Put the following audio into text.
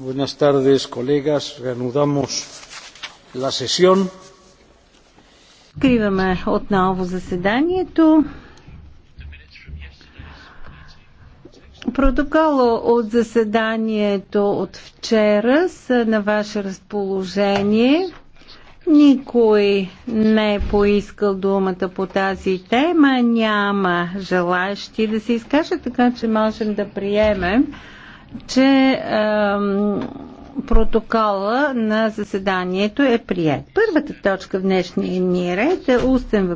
Buenas tardes, colegas. Reanudamos la sesión. Откриваме отново заседанието. Протокола от заседанието от вчера са на ваше разположение. Никой не е поискал думата по тази тема. Няма желаящи да се изкажат, така че можем да приемем че протокола на заседанието е прият. Първата точка в днешния ни ред е устен въпрос.